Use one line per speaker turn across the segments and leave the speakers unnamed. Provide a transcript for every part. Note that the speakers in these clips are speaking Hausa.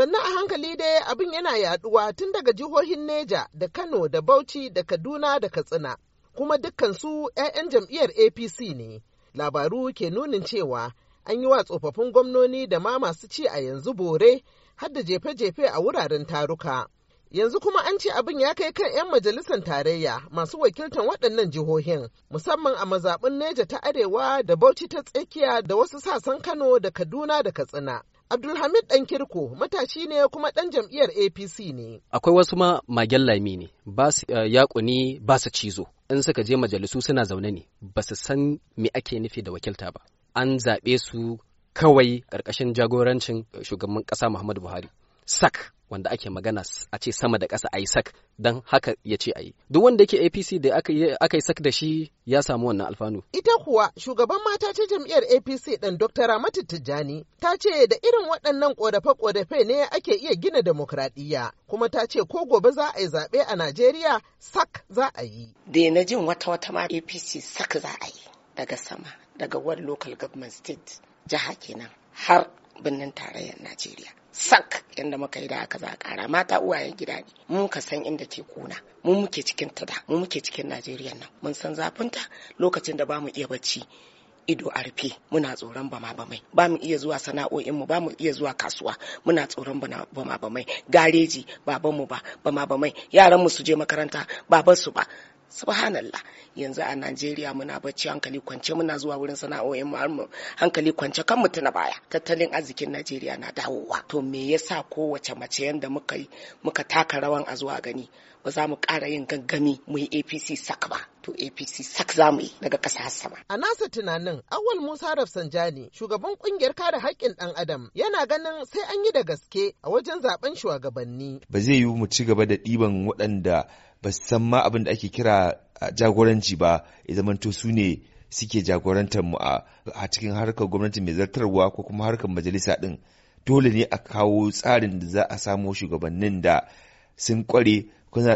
sannan a hankali dai abin yana yaduwa tun daga jihohin neja da kano da bauchi da kaduna da katsina kuma dukkan su 'ya'yan jam'iyyar apc ne labaru ke nunin cewa an yi wa tsofaffin gwamnoni da ma masu ci a yanzu bore har da jefe-jefe a wuraren taruka yanzu kuma an ce abin ya kai kan 'yan majalisar tarayya masu wakiltar waɗannan jihohin musamman a mazaɓin neja ta arewa da bauchi ta tsakiya da wasu sasan kano da kaduna da katsina Abdulhamid ɗan kirko matashi ne kuma ɗan jam'iyyar APC ne.
Akwai wasu ma magen lami ne, ba su eh, yaƙuni ba su cizo. In suka je majalisu suna zaune ne, ba su san me ake nufi da wakilta ba. An zaɓe su kawai ƙarƙashin jagorancin eh, shugaban ƙasa Muhammadu Buhari. sak wanda ake magana a ce sama da ƙasa a yi sak don haka ya ce a yi. Duk wanda yake APC da aka yi sak da shi ya samu wannan alfanu.
Ita kuwa shugaban mata ta jam'iyyar APC ɗan Dr. Ramatu Tijjani ta ce da irin waɗannan ƙodafe-ƙodafe ne ake iya gina demokradiyya kuma ta ce ko gobe za a yi zaɓe a Najeriya sak
za a yi. Da na jin wata-wata ma APC sak za a yi daga sama daga wani local government state jiha kenan har birnin tarayyar Najeriya. Sak yadda muka yi da aka za kara mata uwayen gida ne mun ka san inda ke kuna mu muke cikin ta da mu muke cikin Najeriya nan mun san zafinta lokacin da bamu iya bacci ido a rufe muna tsoron bama bamai ba mu iya zuwa sana'o'in mu ba mu iya zuwa kasuwa muna tsoron bama bamai gareji babanmu ba bama bamai yaranmu su je makaranta baban su ba subhanallah yanzu a najeriya muna bacci hankali kwance muna zuwa wurin sana'o'in mu hankali kwance kan mutu na baya tattalin arzikin najeriya na dawowa to me yasa kowace mace yanda muka muka taka rawan a zuwa gani ba za mu ƙara yin gangami mu yi apc sak ba to apc sak za mu yi daga ƙasa sama
a nasa tunanin awal musa rafsanjani shugaban kungiyar kare haƙƙin ɗan adam yana ganin sai an yi da gaske a wajen zaben shugabanni
ba zai yiwu mu ci gaba da ɗiban waɗanda ba su san ma abin da ake kira jagoranci ba ya zamanto su ne suke jagorantar mu a cikin harkar gwamnati mai zartarwa ko kuma harkar majalisa ɗin dole ne a kawo tsarin da za a samo shugabannin da sun kware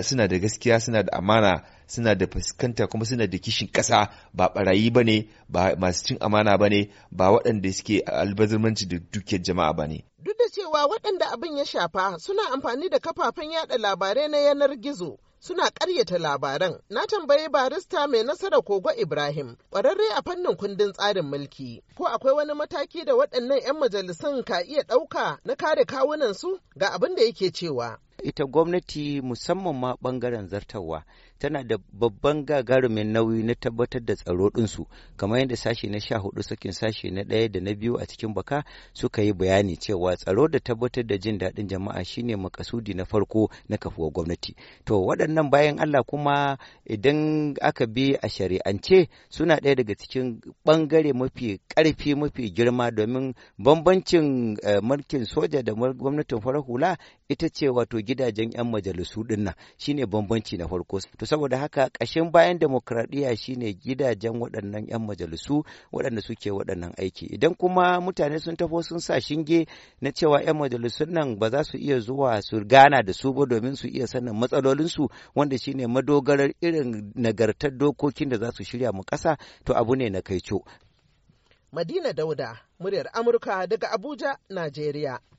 suna da gaskiya suna da amana suna da fuskanta kuma suna da kishin ƙasa ba barayi ba ne ba masu cin amana ba ne ba waɗanda suke albazirmanci da dukiyar jama'a ba ne.
Duk da cewa waɗanda abin ya shafa suna amfani da kafafen yada labarai na yanar gizo suna ƙaryata labaran. Na tambayi barista mai nasara Kogo Ibrahim, ƙwararre a fannin kundin tsarin mulki, ko akwai wani mataki da waɗannan 'yan majalisun ka iya ɗauka na kare kawunan
su ga abin da yake cewa. ita gwamnati musamman ma bangaren zartawa tana da babban gagarumin nauyi na tabbatar da tsaro ɗinsu kamar yadda sashe na sha hudu sakin sashe na ɗaya da na biyu a cikin baka suka yi bayani cewa tsaro da tabbatar da jin daɗin jama'a shine makasudi na farko na kafuwar gwamnati to waɗannan bayan Allah kuma idan aka bi a shari'ance suna ɗaya daga cikin bangare mafi ƙarfi mafi girma domin bambancin eh, mulkin soja da gwamnatin farar hula ita ce wato gidajen 'yan majalisu dinnan shine bambanci na farko to saboda haka ƙashin bayan demokradiyya shine gidajen waɗannan 'yan majalisu waɗanda suke waɗannan aiki idan kuma mutane sun tafo sun sa shinge na cewa 'yan majalisun nan ba za su iya zuwa su gana da su ba domin su iya sanin matsalolinsu wanda shine madogarar irin nagartar dokokin da za su shirya mu ƙasa to abu ne na kaico
Madina Dauda, muryar Amurka daga Abuja, Najeriya.